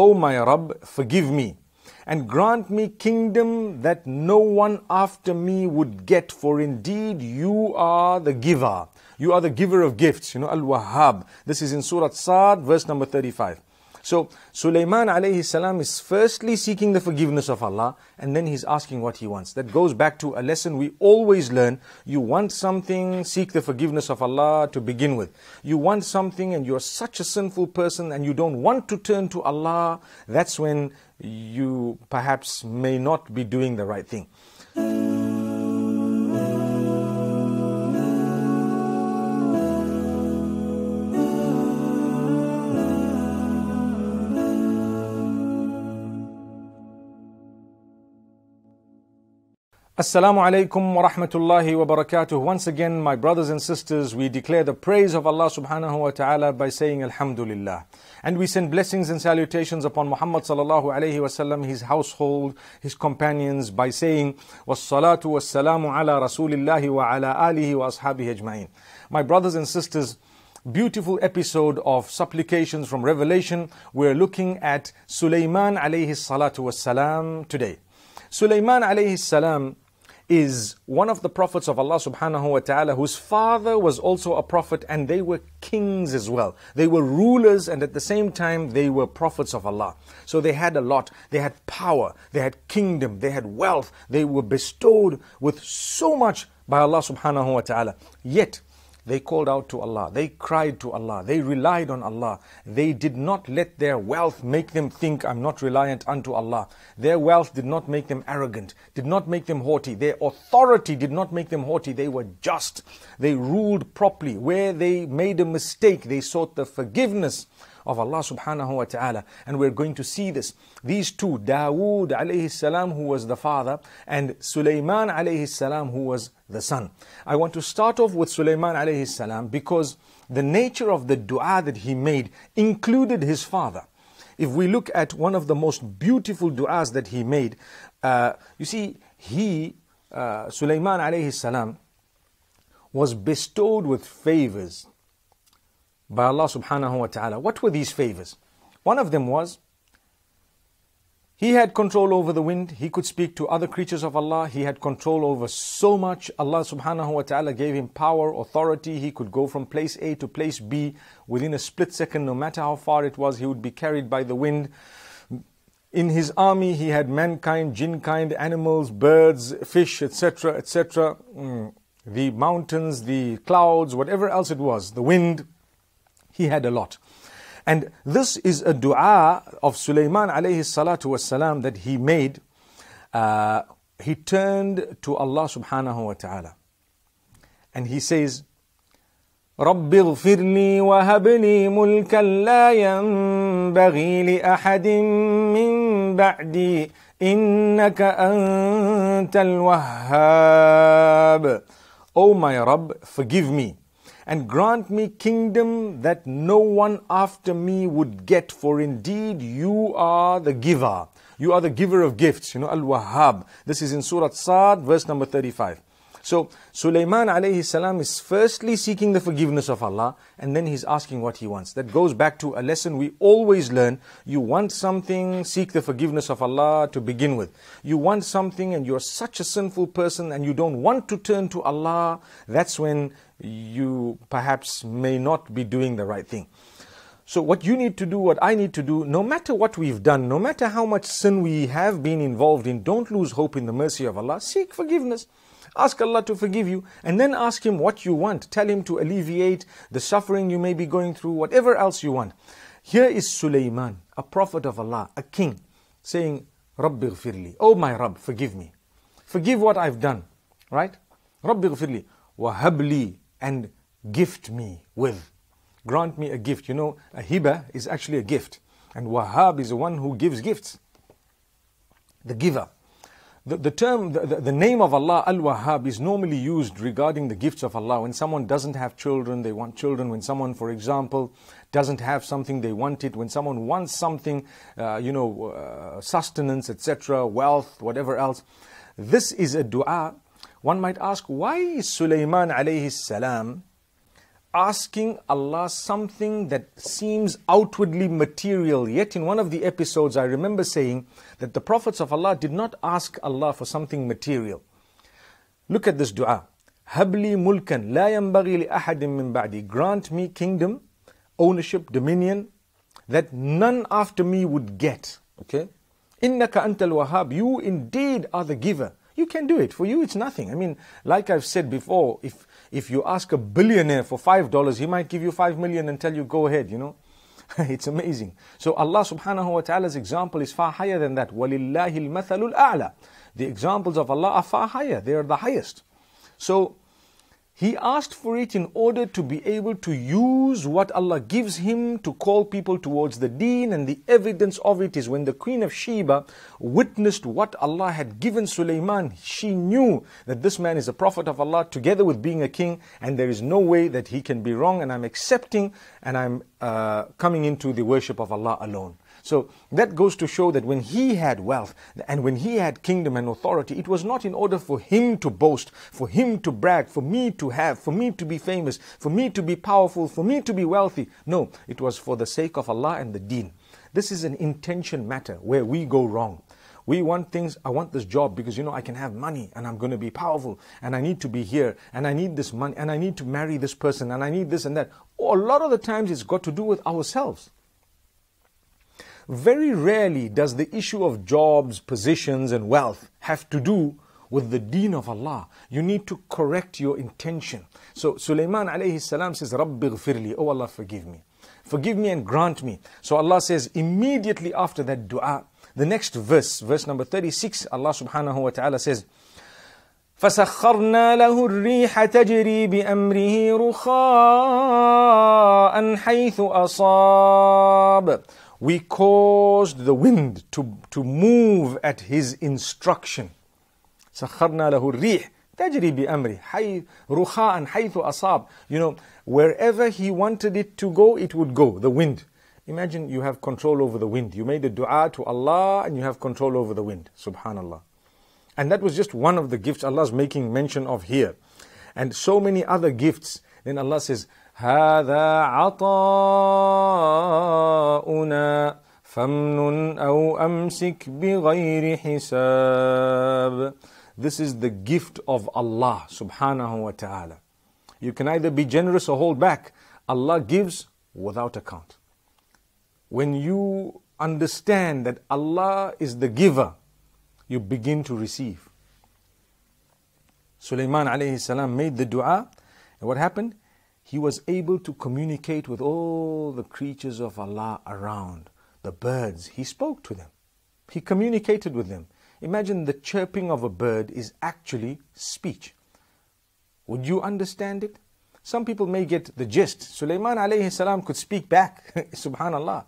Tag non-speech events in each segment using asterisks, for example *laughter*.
O oh, my Rabb, forgive me and grant me kingdom that no one after me would get, for indeed you are the giver. You are the giver of gifts. You know, Al-Wahhab. This is in Surah Sa'd, verse number 35. So Sulaiman alayhi salam is firstly seeking the forgiveness of Allah and then he's asking what he wants. That goes back to a lesson we always learn. You want something, seek the forgiveness of Allah to begin with. You want something and you're such a sinful person and you don't want to turn to Allah, that's when you perhaps may not be doing the right thing. Assalamu alaikum wa rahmatullahi wa barakatuh. Once again, my brothers and sisters, we declare the praise of Allah subhanahu wa ta'ala by saying Alhamdulillah. And we send blessings and salutations upon Muhammad sallallahu alayhi sallam, his household, his companions, by saying Wassalatu wassalamu ala rasulillahi wa ala alihi wa ashabihi ajma'in. My brothers and sisters, beautiful episode of supplications from Revelation. We're looking at Sulaiman alayhi salatu wassalam today. Sulaiman alayhi salam is one of the prophets of Allah subhanahu wa ta'ala whose father was also a prophet and they were kings as well. They were rulers and at the same time they were prophets of Allah. So they had a lot. They had power. They had kingdom. They had wealth. They were bestowed with so much by Allah subhanahu wa ta'ala. Yet they called out to Allah. They cried to Allah. They relied on Allah. They did not let their wealth make them think, I'm not reliant unto Allah. Their wealth did not make them arrogant, did not make them haughty. Their authority did not make them haughty. They were just. They ruled properly. Where they made a mistake, they sought the forgiveness of Allah subhanahu wa ta'ala. And we're going to see this. These two, Dawood alayhi salam, who was the father, and Sulaiman alayhi salam, who was the son. I want to start off with Sulaiman alayhi salam because the nature of the dua that he made included his father. If we look at one of the most beautiful du'as that he made, uh, you see, he, uh, Sulaiman alayhi salam, was bestowed with favors by Allah subhanahu wa ta'ala. What were these favors? One of them was he had control over the wind, he could speak to other creatures of Allah, he had control over so much. Allah subhanahu wa ta'ala gave him power, authority, he could go from place A to place B within a split second, no matter how far it was, he would be carried by the wind. In his army, he had mankind, jinn kind, animals, birds, fish, etc., etc., mm. the mountains, the clouds, whatever else it was, the wind. He had a lot. And this is a dua of Sulaiman alayhi salatu wasalam that he made. Uh, he turned to Allah subhanahu wa ta'ala. And he says, رب اغفر وهبني ملكا لا ينبغي لأحد من بعدي إنك أنت الوهاب. O oh my Rabb, forgive me and grant me kingdom that no one after me would get, for indeed you are the giver. You are the giver of gifts. You know, Al Wahhab. This is in Surah Sa'd, verse number 35. So Sulaiman alayhi salam is firstly seeking the forgiveness of Allah and then he's asking what he wants. That goes back to a lesson we always learn. You want something, seek the forgiveness of Allah to begin with. You want something and you're such a sinful person and you don't want to turn to Allah, that's when you perhaps may not be doing the right thing. So, what you need to do, what I need to do, no matter what we've done, no matter how much sin we have been involved in, don't lose hope in the mercy of Allah. Seek forgiveness. Ask Allah to forgive you and then ask Him what you want. Tell Him to alleviate the suffering you may be going through, whatever else you want. Here is Sulaiman, a prophet of Allah, a king, saying, Rabbi firli, oh my Rabb, forgive me. Forgive what I've done, right? Rabbi firli, wahabli, and gift me with. Grant me a gift. You know, a hiba is actually a gift. And wahab is the one who gives gifts, the giver. The, the term, the, the, name of Allah, Al-Wahhab, is normally used regarding the gifts of Allah. When someone doesn't have children, they want children. When someone, for example, doesn't have something, they want it. When someone wants something, uh, you know, uh, sustenance, etc., wealth, whatever else. This is a dua. One might ask, why is Sulaiman alayhi salam asking Allah something that seems outwardly material. Yet in one of the episodes, I remember saying that the prophets of Allah did not ask Allah for something material. Look at this dua. Habli mulkan la yanbaghi li ahadim min ba'di. Grant me kingdom, ownership, dominion that none after me would get. Okay? Innaka antal wahab. You indeed are the giver. You can do it. For you, it's nothing. I mean, like I've said before, if if you ask a billionaire for $5, he might give you 5 million and tell you, go ahead, you know. *laughs* it's amazing. So Allah subhanahu wa ta'ala's example is far higher than that. وَلِلَّهِ mathalul a'la, The examples of Allah are far higher. They are the highest. So he asked for it in order to be able to use what Allah gives him to call people towards the deen, and the evidence of it is when the Queen of Sheba witnessed what Allah had given Sulaiman, she knew that this man is a prophet of Allah together with being a king, and there is no way that he can be wrong, and I'm accepting and I'm uh, coming into the worship of Allah alone. So that goes to show that when he had wealth and when he had kingdom and authority, it was not in order for him to boast, for him to brag, for me to have, for me to be famous, for me to be powerful, for me to be wealthy. No, it was for the sake of Allah and the deen. This is an intention matter where we go wrong. We want things, I want this job because you know I can have money and I'm going to be powerful and I need to be here and I need this money and I need to marry this person and I need this and that. A lot of the times it's got to do with ourselves. Very rarely does the issue of jobs, positions, and wealth have to do with the deen of Allah. You need to correct your intention. So Sulaiman alayhi salam says, Rabbi ghfirli, oh Allah forgive me. Forgive me and grant me. So Allah says immediately after that dua, the next verse, verse number 36, Allah subhanahu wa ta'ala says, فسخرنا له الريح تجري بأمره رخاء حيث أصاب we caused the wind to, to move at his instruction. You know, wherever he wanted it to go, it would go, the wind. Imagine you have control over the wind. You made a dua to Allah and you have control over the wind. Subhanallah. And that was just one of the gifts Allah's making mention of here. And so many other gifts. Then Allah says, هذا عطاؤنا فامنن أو أمسك بغير حساب This is the gift of Allah subhanahu wa ta'ala. You can either be generous or hold back. Allah gives without account. When you understand that Allah is the giver, you begin to receive. Sulaiman alayhi salam made the dua, and what happened? he was able to communicate with all the creatures of Allah around. The birds, he spoke to them. He communicated with them. Imagine the chirping of a bird is actually speech. Would you understand it? Some people may get the gist. Sulaiman alayhi salam could speak back, *laughs* subhanallah.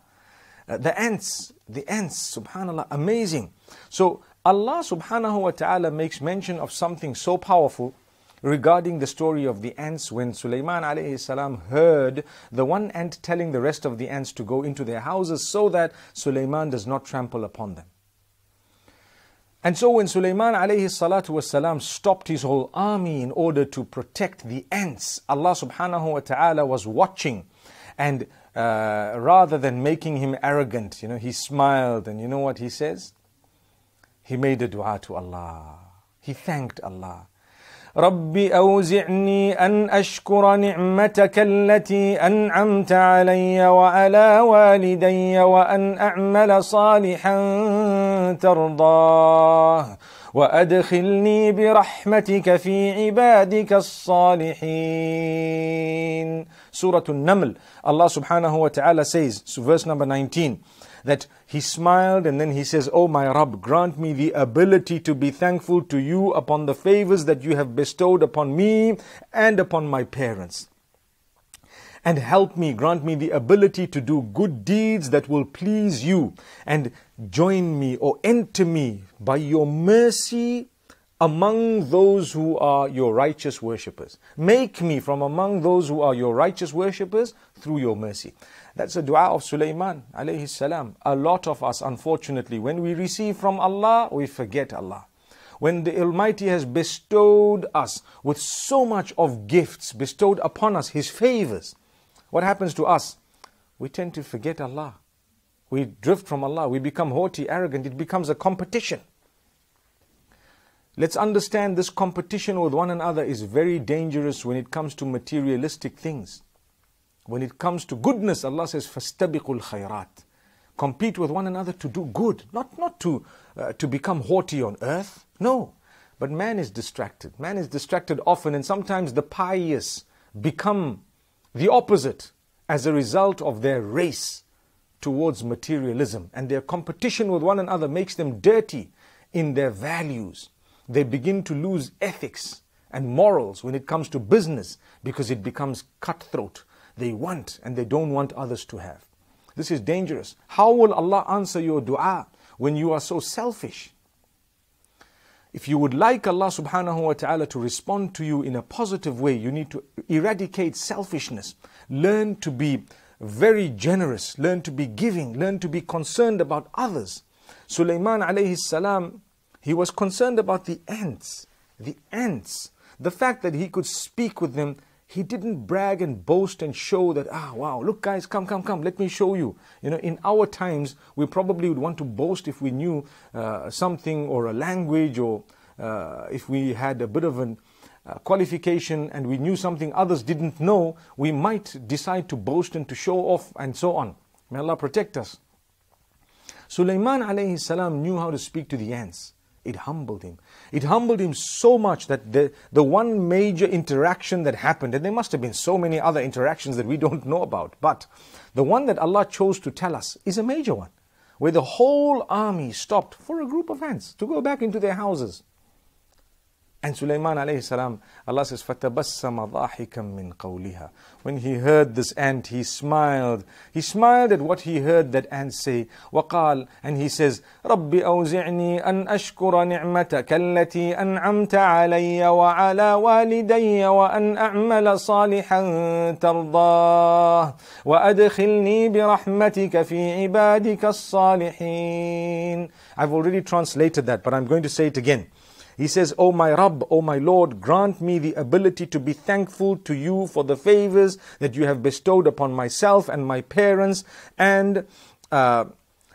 Uh, the ants, the ants, subhanallah, amazing. So Allah subhanahu wa ta'ala makes mention of something so powerful regarding the story of the ants when Sulaiman alayhi salam heard the one ant telling the rest of the ants to go into their houses so that Sulaiman does not trample upon them. And so when Sulaiman alayhi salatu wasalam stopped his whole army in order to protect the ants, Allah subhanahu wa ta'ala was watching and uh, rather than making him arrogant, you know, he smiled and you know what he says? He made a dua to Allah. He thanked Allah. رب أوزعني أن أشكر نعمتك التي أنعمت علي وعلى والدي وأن أعمل صالحا ترضاه وأدخلني برحمتك في عبادك الصالحين سوره النمل الله سبحانه وتعالى says, so verse number 19, that he smiled and then he says, "O oh my Rabb, grant me the ability to be thankful to you upon the favors that you have bestowed upon me and upon my parents. And help me, grant me the ability to do good deeds that will please you and join me or enter me by your mercy among those who are your righteous worshippers. Make me from among those who are your righteous worshippers through your mercy. That's a dua of Sulaiman alayhi salam. A lot of us, unfortunately, when we receive from Allah, we forget Allah. When the Almighty has bestowed us with so much of gifts, bestowed upon us His favors, what happens to us? We tend to forget Allah. We drift from Allah. We become haughty, arrogant. It becomes a competition. Let's understand this competition with one another is very dangerous when it comes to materialistic things. When it comes to goodness, Allah says, فَاسْتَبِقُوا khayrat." Compete with one another to do good, not, not to, uh, to become haughty on earth. No. But man is distracted. Man is distracted often, and sometimes the pious become the opposite as a result of their race towards materialism. And their competition with one another makes them dirty in their values they begin to lose ethics and morals when it comes to business because it becomes cutthroat. They want and they don't want others to have. This is dangerous. How will Allah answer your dua when you are so selfish? If you would like Allah subhanahu wa ta'ala to respond to you in a positive way, you need to eradicate selfishness. Learn to be very generous. Learn to be giving. Learn to be concerned about others. Sulaiman alayhi salam he was concerned about the ants, the ants, the fact that he could speak with them. He didn't brag and boast and show that, ah, wow, look, guys, come, come, come, let me show you. You know, in our times, we probably would want to boast if we knew uh, something or a language or uh, if we had a bit of an uh, qualification and we knew something others didn't know, we might decide to boast and to show off and so on. May Allah protect us. Sulaiman alayhi salam knew how to speak to the ants. It humbled him. It humbled him so much that the, the one major interaction that happened, and there must have been so many other interactions that we don't know about, but the one that Allah chose to tell us is a major one, where the whole army stopped for a group of ants to go back into their houses. And Sulaiman alayhi salam, Allah says, فَتَبَسَّمَ ضَاحِكًا مِّن قَوْلِهَا When he heard this ant, he smiled. He smiled at what he heard that ant say. وَقَال And he says, رَبِّ أَوْزِعْنِي أَنْ أَشْكُرَ نِعْمَتَكَ الَّتِي أَنْعَمْتَ عَلَيَّ وَعَلَى وَالِدَيَّ وَأَنْ أَعْمَلَ صَالِحًا تَرْضَاهُ وَأَدْخِلْنِي بِرَحْمَتِكَ فِي عِبَادِكَ الصَّالِحِينَ I've already translated that, but I'm going to say it again. He says, O oh, my Rabb, O oh, my Lord, grant me the ability to be thankful to you for the favors that you have bestowed upon myself and my parents, and uh,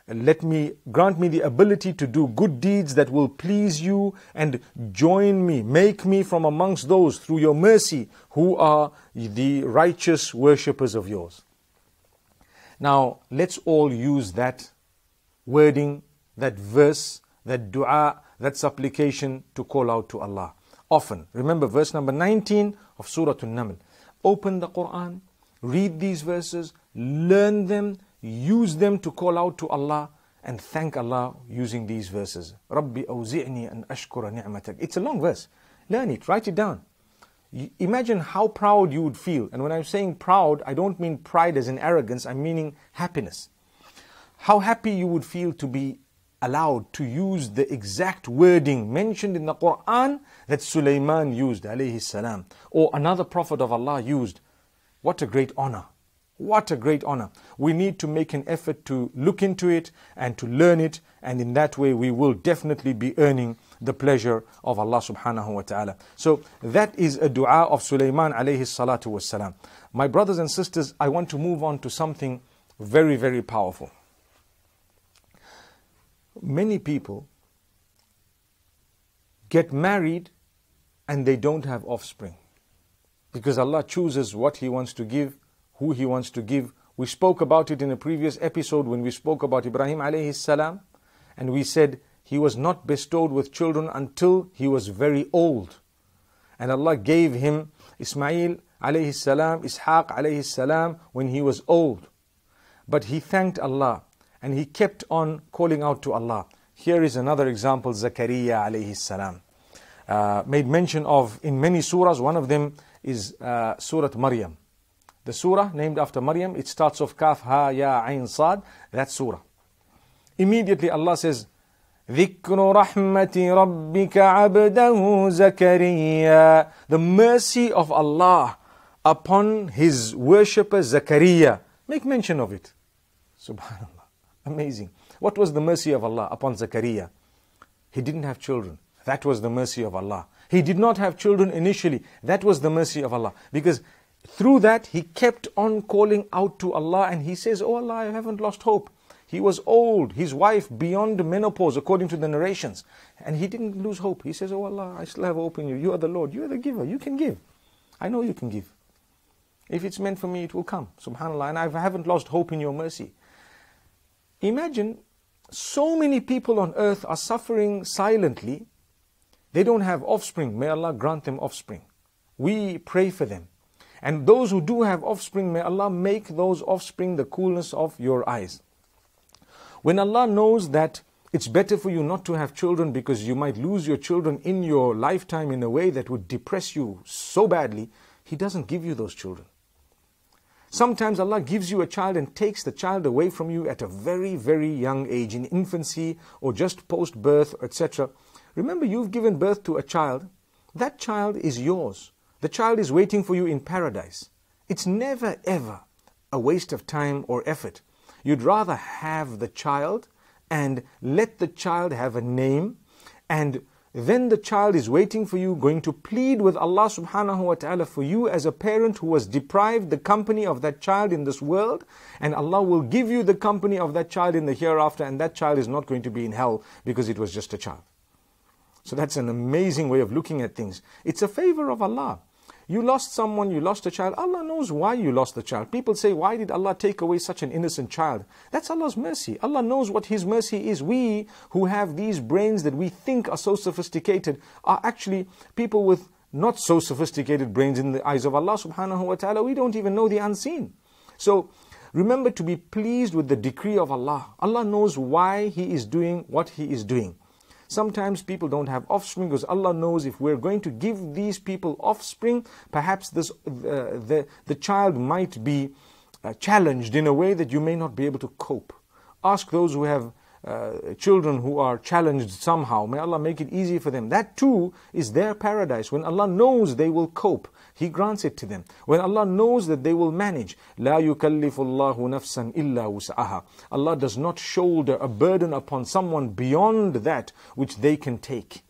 let me grant me the ability to do good deeds that will please you, and join me, make me from amongst those through your mercy who are the righteous worshippers of yours. Now, let's all use that wording, that verse, that dua that supplication to call out to Allah. Often, remember verse number 19 of Surah An-Naml. Open the Quran, read these verses, learn them, use them to call out to Allah and thank Allah using these verses. Rabbi awzi'ni an ashkura ni'matak. It's a long verse. Learn it, write it down. Imagine how proud you would feel. And when I'm saying proud, I don't mean pride as in arrogance, I'm meaning happiness. How happy you would feel to be allowed to use the exact wording mentioned in the Quran that Sulaiman used, alayhi salam, or another prophet of Allah used. What a great honor. What a great honor. We need to make an effort to look into it and to learn it, and in that way we will definitely be earning the pleasure of Allah subhanahu wa ta'ala. So that is a dua of Sulaiman alayhi salatu wasalam. My brothers and sisters, I want to move on to something very, very powerful many people get married and they don't have offspring because Allah chooses what He wants to give, who He wants to give. We spoke about it in a previous episode when we spoke about Ibrahim alayhi salam and we said he was not bestowed with children until he was very old. And Allah gave him Ismail alayhi salam, Ishaq alayhi salam when he was old. But he thanked Allah and he kept on calling out to Allah. Here is another example, Zakaria alayhi salam. Uh, made mention of in many surahs, one of them is uh, Surah Maryam. The surah named after Maryam, it starts off Kaf Ha Ya Ain Sad, that surah. Immediately Allah says, ذكر رحمة ربك عبده زكريا The mercy of Allah upon his worshipper Zakaria. Make mention of it. Subhanallah. Amazing. What was the mercy of Allah upon Zakaria? He didn't have children. That was the mercy of Allah. He did not have children initially. That was the mercy of Allah. Because through that, he kept on calling out to Allah and he says, Oh Allah, I haven't lost hope. He was old, his wife beyond menopause, according to the narrations. And he didn't lose hope. He says, Oh Allah, I still have hope in you. You are the Lord. You are the giver. You can give. I know you can give. If it's meant for me, it will come. Subhanallah. And I haven't lost hope in your mercy. Imagine so many people on earth are suffering silently. They don't have offspring. May Allah grant them offspring. We pray for them. And those who do have offspring, may Allah make those offspring the coolness of your eyes. When Allah knows that it's better for you not to have children because you might lose your children in your lifetime in a way that would depress you so badly, He doesn't give you those children. Sometimes Allah gives you a child and takes the child away from you at a very, very young age, in infancy or just post birth, etc. Remember, you've given birth to a child. That child is yours. The child is waiting for you in paradise. It's never, ever a waste of time or effort. You'd rather have the child and let the child have a name and then the child is waiting for you, going to plead with Allah subhanahu wa ta'ala for you as a parent who was deprived the company of that child in this world, and Allah will give you the company of that child in the hereafter, and that child is not going to be in hell because it was just a child. So that's an amazing way of looking at things. It's a favor of Allah. You lost someone, you lost a child. Allah knows why you lost the child. People say, Why did Allah take away such an innocent child? That's Allah's mercy. Allah knows what His mercy is. We who have these brains that we think are so sophisticated are actually people with not so sophisticated brains in the eyes of Allah subhanahu wa ta'ala. We don't even know the unseen. So remember to be pleased with the decree of Allah. Allah knows why He is doing what He is doing. Sometimes people don't have offspring because Allah knows if we're going to give these people offspring, perhaps this, uh, the, the child might be uh, challenged in a way that you may not be able to cope. Ask those who have uh, children who are challenged somehow. May Allah make it easy for them. That too is their paradise when Allah knows they will cope. He grants it to them. When Allah knows that they will manage, لا يكلف الله نفسا إلا وسعها. Allah does not shoulder a burden upon someone beyond that which they can take.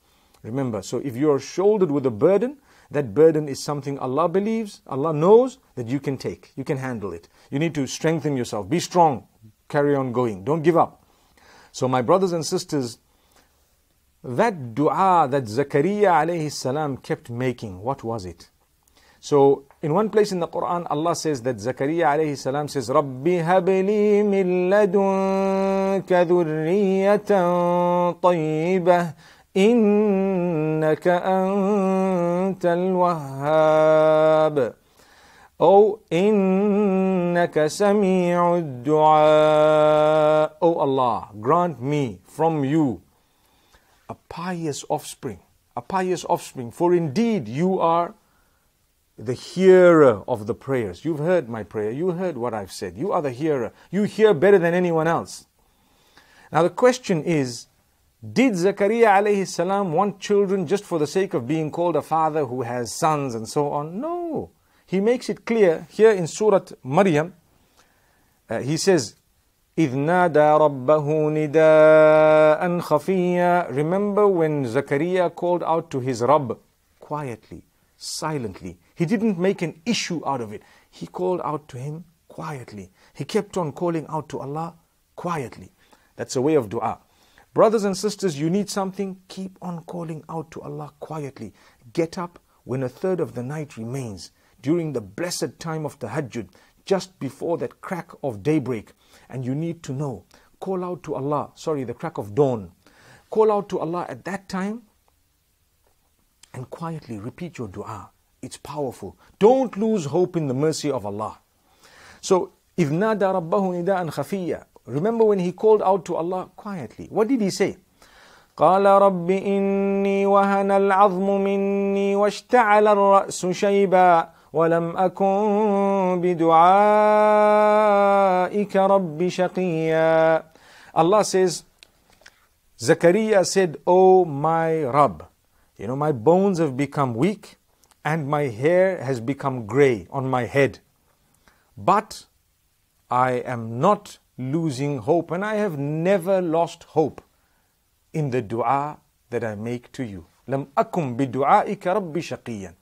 Remember, so if you are shouldered with a burden, that burden is something Allah believes, Allah knows that you can take, you can handle it. You need to strengthen yourself, be strong, carry on going, don't give up. So, my brothers and sisters, that dua that Zakaria kept making, what was it? So in one place in the Quran, Allah says that Zakaria alayhi salam says, رَبِّ هَبْ لِي مِن لَدُنْكَ ذُرِّيَّةً طَيِّبَةً إِنَّكَ أَنْتَ الْوَهَّابِ أو إنك سميع الدعاء oh Allah, grant me from you a pious offspring, a pious offspring, for indeed you are the hearer of the prayers. You've heard my prayer. You heard what I've said. You are the hearer. You hear better than anyone else. Now the question is, did Zakaria alayhi salam want children just for the sake of being called a father who has sons and so on? No. He makes it clear here in Surah Maryam. Uh, he says, إِذْ نَادَى رَبَّهُ نِدَاءً خَفِيًّا Remember when Zakaria called out to his Rabb quietly, silently, he didn't make an issue out of it. He called out to him quietly. He kept on calling out to Allah quietly. That's a way of dua. Brothers and sisters, you need something, keep on calling out to Allah quietly. Get up when a third of the night remains, during the blessed time of the Hajjud, just before that crack of daybreak. And you need to know, call out to Allah, sorry, the crack of dawn. Call out to Allah at that time and quietly repeat your dua. It's powerful. Don't lose hope in the mercy of Allah. So, إِذْ نَادَى رَبَّهُ نِدَاءً خَفِيًّا Remember when he called out to Allah quietly. What did he say? قال رب إني وهن العظم مني واشتعل الرأس شيبا ولم أكن بدعائك رب شقيا Allah says, Zachariah said, oh my Rabb, you know, my bones have become weak and my hair has become grey on my head. But I am not losing hope, and I have never lost hope in the dua that I make to you. لم أكن بدعائك ربي شقيا.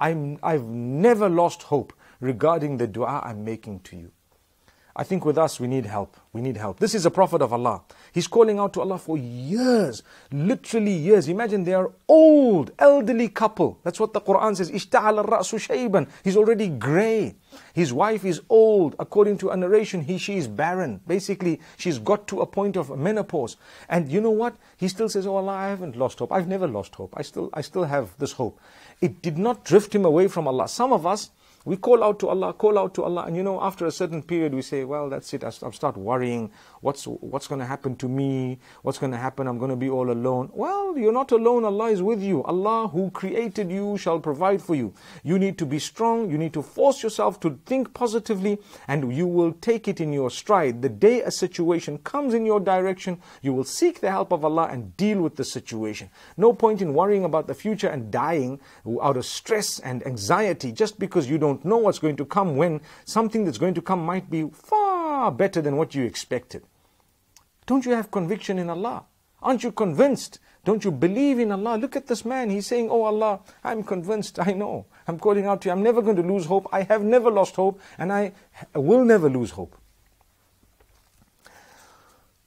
I'm, I've never lost hope regarding the dua I'm making to you. I think with us, we need help. We need help. This is a prophet of Allah. He's calling out to Allah for years, literally years. Imagine they are old, elderly couple. That's what the Quran says. al He's already grey. His wife is old. According to a narration, he, she is barren. Basically, she's got to a point of menopause. And you know what? He still says, Oh Allah, I haven't lost hope. I've never lost hope. I still, I still have this hope. It did not drift him away from Allah. Some of us, we call out to Allah, call out to Allah, and you know, after a certain period, we say, well, that's it, I start worrying what's what's going to happen to me what's going to happen i'm going to be all alone well you're not alone allah is with you allah who created you shall provide for you you need to be strong you need to force yourself to think positively and you will take it in your stride the day a situation comes in your direction you will seek the help of allah and deal with the situation no point in worrying about the future and dying out of stress and anxiety just because you don't know what's going to come when something that's going to come might be far better than what you expected don't you have conviction in Allah? Aren't you convinced? Don't you believe in Allah? Look at this man. He's saying, Oh Allah, I'm convinced. I know. I'm calling out to you. I'm never going to lose hope. I have never lost hope and I will never lose hope.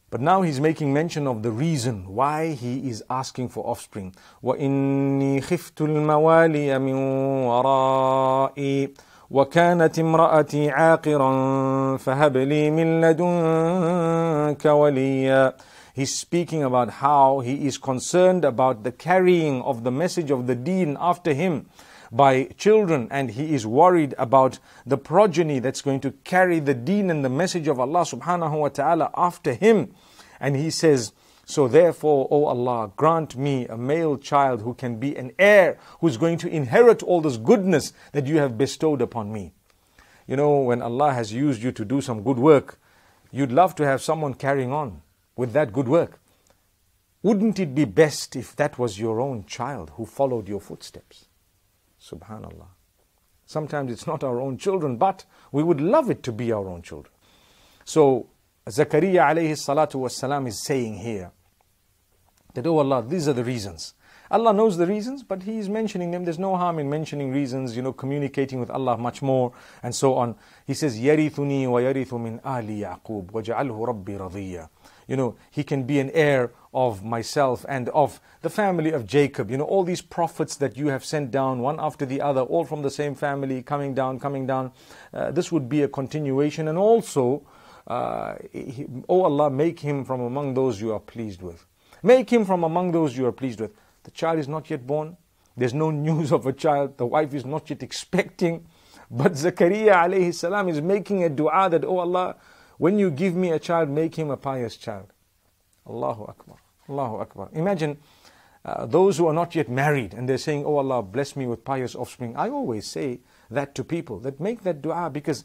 But now he's making mention of the reason why he is asking for offspring. وَإِنِّي خِفْتُ الْمَوَالِيَ مِنْ وَرَائِي وكانت امرأتي عاقرا فهب لي من لدنك وليا He's speaking about how he is concerned about the carrying of the message of the deen after him by children and he is worried about the progeny that's going to carry the deen and the message of Allah subhanahu wa ta'ala after him. And he says, so therefore, O Allah, grant me a male child who can be an heir, who's going to inherit all this goodness that you have bestowed upon me. You know, when Allah has used you to do some good work, you'd love to have someone carrying on with that good work. Wouldn't it be best if that was your own child who followed your footsteps? Subhanallah. Sometimes it's not our own children, but we would love it to be our own children. So Zakaria alayhi salatu wasalam is saying here that, oh Allah, these are the reasons. Allah knows the reasons, but He is mentioning them. There's no harm in mentioning reasons, you know, communicating with Allah much more and so on. He says, يَرِثُنِي وَيَرِثُ مِنْ آلِ يَعْقُوبٍ وَجَعَلْهُ رَبِّي رَضِيًّا you know, he can be an heir of myself and of the family of Jacob. You know, all these prophets that you have sent down, one after the other, all from the same family, coming down, coming down. Uh, this would be a continuation. And also, uh, Oh Allah, make him from among those you are pleased with. Make him from among those you are pleased with. The child is not yet born. There's no *laughs* news of a child. The wife is not yet expecting. But Zakaria alayhi salam is making a dua that, Oh Allah, when you give me a child, make him a pious child. Allahu Akbar. Allahu Akbar. Imagine uh, those who are not yet married and they're saying, Oh Allah, bless me with pious offspring. I always say that to people, that make that dua because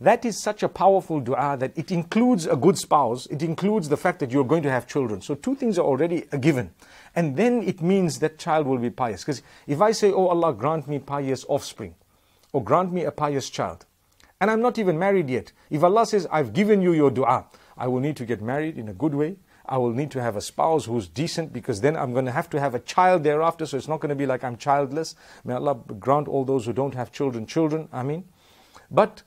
that is such a powerful dua that it includes a good spouse, it includes the fact that you're going to have children. So two things are already a given. And then it means that child will be pious. Because if I say, Oh Allah, grant me pious offspring, or grant me a pious child, and I'm not even married yet, if Allah says, I've given you your dua, I will need to get married in a good way. I will need to have a spouse who's decent because then I'm going to have to have a child thereafter. So it's not going to be like I'm childless. May Allah grant all those who don't have children children. I mean, but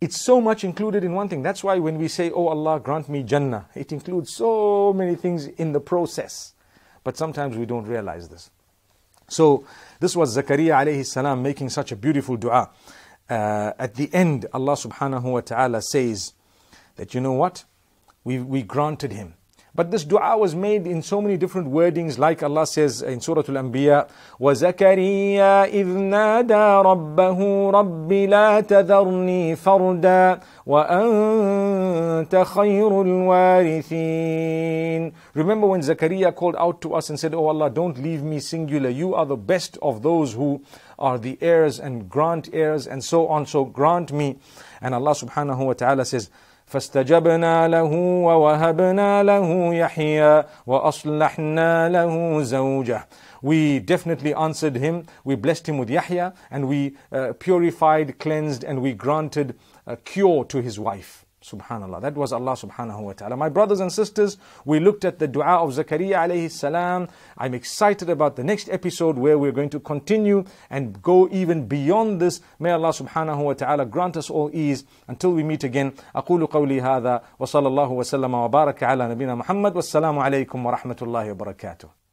it's so much included in one thing. That's why when we say, Oh Allah, grant me Jannah, it includes so many things in the process. But sometimes we don't realize this. So this was Zakaria alayhi salam making such a beautiful dua. Uh, at the end, Allah subhanahu wa ta'ala says that, you know what? We, we granted him. But this dua was made in so many different wordings, like Allah says in Surah Al-Anbiya, وَزَكَرِيَّا إِذْ نَادَى رَبَّهُ رَبِّ لَا تَذَرْنِي فَرْدًا وَأَنْتَ خَيْرُ الْوَارِثِينَ Remember when Zakaria called out to us and said, Oh Allah, don't leave me singular. You are the best of those who are the heirs and grant heirs and so on. So grant me. And Allah subhanahu wa ta'ala says, فاستجبنا له ووهبنا له يحيى وأصلحنا له زوجه we definitely answered him. We blessed him with Yahya and we uh, purified, cleansed, and we granted a cure to his wife. Subhanallah. That was Allah subhanahu wa ta'ala. My brothers and sisters, we looked at the dua of Zakaria alayhi salam. I'm excited about the next episode where we're going to continue and go even beyond this. May Allah subhanahu wa ta'ala grant us all ease until we meet again. أقول wa هذا وصلى wa وسلم wa barakatuh.